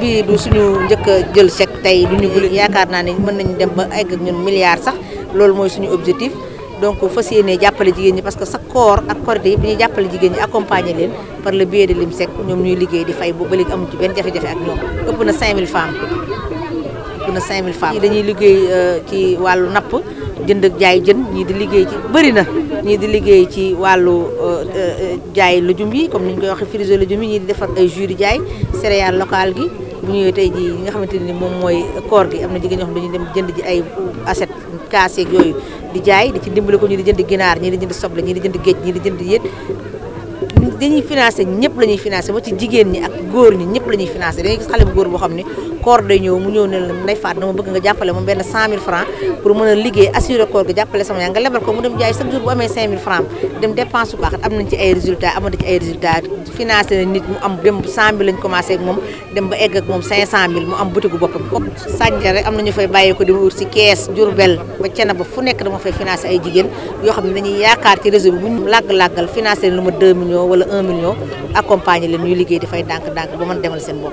bii du suñu njëkk jël chèque tey du yaakaar naa ne mën nañu dem ba egg ak ñun milliards sax loolu mooy suñu objectif donc fas yéene jàppale jigéen ñi parce que sa koor ak korité yëpp dañuy jàppale jigéen ñi accompagner leen par le biais de l'IMSEC ñoom ñuy liggéey di fay ba léegi amuñ ci benn jafe-jafe ak ñoom ëpp na 5000 femmes ëpp na 5000 femmes. ñii dañuy liggéey euh, ci wàllu napp jënd ak jaay jën ñii di liggéey ci bëri na ñii di liggéey ci wàllu euh, euh, jaay lujum yi comme ni ñu koy waxee frisé lujum yi ñii di defar ay jus di jaay céréales local gi. bu ñëwee tey jii nga xamante ni moom mooy koor am na jigéen ñoo xam dañuy dem jënd ji ay assiette kaaseeg yooyu di jaay di ci dimbale ko ñi di jënd ginaar ñi di jënd soble ñi di jënd géej ñi di jënd yéet dañuy financer ñëpp la ñuy financé ba ci jigéen ñi ak góor ñi ñëpp la ñuy financé dañuy gis xale bu góor boo xam ne koor day ñëw mu ñëw ne la Ndeye Fatou dama bëgg nga jàppale moom benn 100000 francs pour mën a liggéey assuré koor jàppale sama yaay nga lebal ko mu dem jaay chaque jour bu amee 5000 francs dem dépense bu baax am nañ mu am dem 100000 lañ commencé ak am butigu boppam fay bàyyi ko di wut si kees Jurbel ba cena ba fu nekk dama fay financé ay jigéen yoo xam ne dañuy yaakaar ci réseau bi bu ñu làgg-làggal financé leen lu ma 2 millions wala million